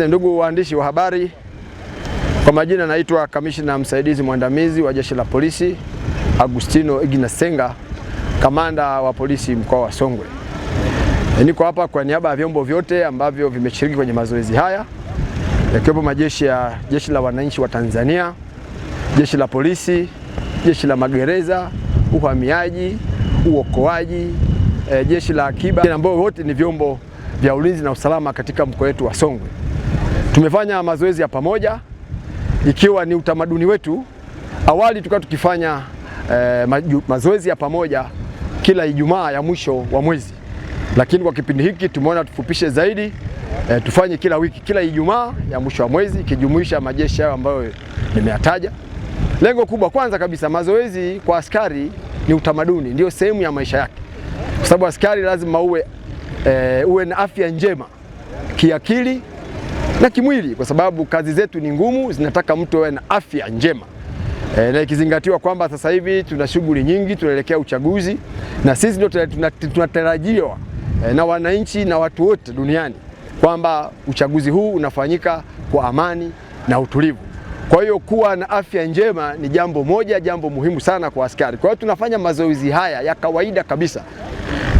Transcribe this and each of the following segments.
Asante ndugu waandishi wa habari, kwa majina naitwa kamishna msaidizi mwandamizi wa jeshi la polisi Agustino Ignasenga, kamanda wa polisi mkoa wa Songwe. Niko hapa kwa niaba ya vyombo vyote ambavyo vimeshiriki kwenye mazoezi haya yakiwepo majeshi ya jeshi la wananchi wa Tanzania, jeshi la polisi, jeshi la magereza, uhamiaji, uokoaji, e, jeshi la akiba ambao wote ni vyombo vya ulinzi na usalama katika mkoa wetu wa Songwe. Tumefanya mazoezi ya pamoja ikiwa ni utamaduni wetu. Awali tulikuwa tukifanya eh, mazoezi ya pamoja kila Ijumaa ya mwisho wa mwezi, lakini kwa kipindi hiki tumeona tufupishe zaidi eh, tufanye kila wiki, kila Ijumaa ya mwisho wa mwezi ikijumuisha majeshi hayo ambayo nimeyataja. Lengo kubwa kwanza kabisa, mazoezi kwa askari ni utamaduni, ndio sehemu ya maisha yake, kwa sababu askari lazima uwe, eh, uwe na afya njema kiakili na kimwili, kwa sababu kazi zetu ni ngumu, zinataka mtu awe na afya njema e, na ikizingatiwa kwamba sasa hivi tuna shughuli nyingi, tunaelekea uchaguzi na sisi ndio tunatarajiwa e, na wananchi na watu wote duniani kwamba uchaguzi huu unafanyika kwa amani na utulivu. Kwa hiyo kuwa na afya njema ni jambo moja, jambo muhimu sana kwa askari. Kwa hiyo tunafanya mazoezi haya ya kawaida kabisa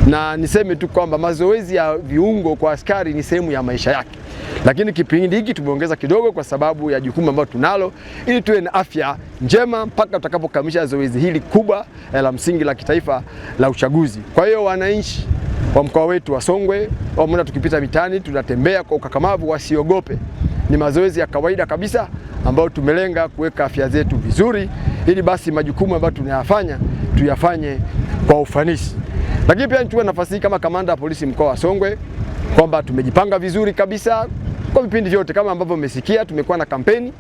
na niseme tu kwamba mazoezi ya viungo kwa askari ni sehemu ya maisha yake, lakini kipindi hiki tumeongeza kidogo kwa sababu ya jukumu ambalo tunalo, ili tuwe na afya njema mpaka tutakapokamilisha zoezi hili kubwa eh, la msingi la kitaifa la uchaguzi. Kwa hiyo wananchi wa mkoa wetu wa Songwe wameona tukipita mitaani tunatembea kwa ukakamavu, wasiogope. Ni mazoezi ya kawaida kabisa ambayo tumelenga kuweka afya zetu vizuri, ili basi majukumu ambayo tunayafanya tuyafanye kwa ufanisi. Lakini pia nichukue nafasi hii kama kamanda wa polisi mkoa wa Songwe kwamba tumejipanga vizuri kabisa kwa vipindi vyote kama ambavyo umesikia, tumekuwa na kampeni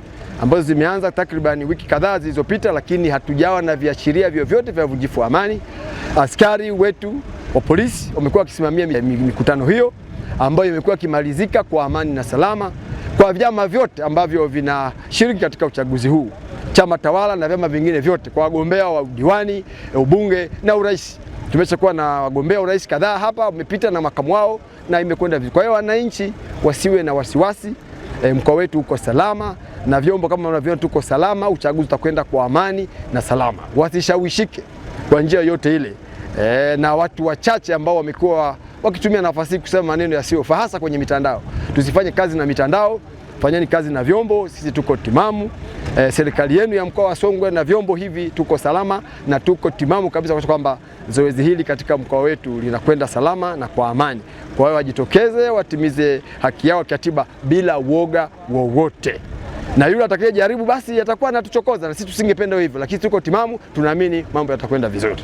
ambazo zimeanza takribani wiki kadhaa zilizopita, lakini hatujawa na viashiria vyovyote vya vujifu wa amani. Askari wetu wa polisi wamekuwa wakisimamia mikutano hiyo ambayo imekuwa ikimalizika kwa amani na salama kwa vyama vyote ambavyo vinashiriki katika uchaguzi huu chama tawala na vyama vingine vyote kwa wagombea wa udiwani, ubunge na urais. Tumeshakuwa na wagombea urais kadhaa hapa wamepita na makamu wao na imekwenda vizuri. Kwa hiyo wananchi wasiwe na wasiwasi, e, mkoa wetu uko salama na vyombo kama unavyoona tuko salama. Uchaguzi utakwenda kwa amani na salama, wasishawishike kwa njia yote ile e, na watu wachache ambao wamekuwa wakitumia nafasi kusema maneno yasiyofaa hasa kwenye mitandao. Tusifanye kazi na mitandao, fanyeni kazi na vyombo. Sisi tuko timamu eh, serikali yenu ya mkoa wa Songwe na vyombo hivi, tuko salama na tuko timamu kabisa kwa kwamba zoezi hili katika mkoa wetu linakwenda salama na kwa amani. Kwa hiyo wajitokeze, watimize haki yao katiba bila uoga wowote na yule atakayejaribu basi atakuwa anatuchokoza, na sisi tusingependa hivyo, lakini tuko timamu, tunaamini mambo yatakwenda vizuri.